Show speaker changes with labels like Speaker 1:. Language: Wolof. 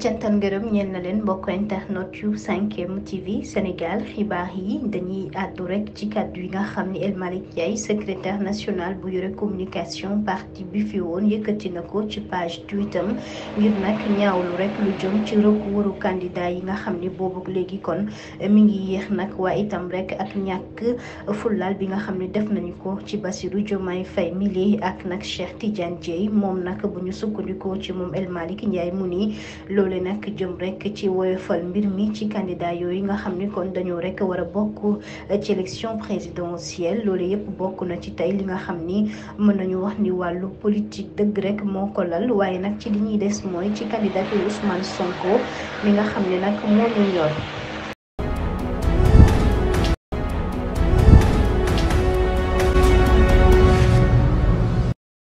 Speaker 1: cantal ngërëm ñeen na leen mbokk internet yu 5M TV Sénégal xibaar yi dañuy àddu rek ci kàddu yi nga xam ni El Malick Ndiaye secrétaire national bu yore communication parti bi fi woon yëkkati na ko ci page tweetam ngir nag ñaawlu rek lu jëm ci waru candidat yi nga xam ni boobu léegi kon mi ngi yéex nag waa itam rek ak ñàkk fullaal bi nga xam ni def nañu ko ci Bassirou Diomaye Faye mili ak nag Cheikh Tidiane Dieye moom nag bu ñu sukkandikoo ci moom El Malick Ndiaye loole nag jëm rek ci woyofal mbir mi ci candidat yooyu nga xam ne kon dañoo rek war a bokk ci élection présidentielle loolu yëpp bokk na ci tey li nga xam ni mën nañu wax ni wàllu politique dëgg rek moo ko lal waaye nag ci li ñuy des mooy ci candidat yu Sonko mi nga xam ne nag moo ñu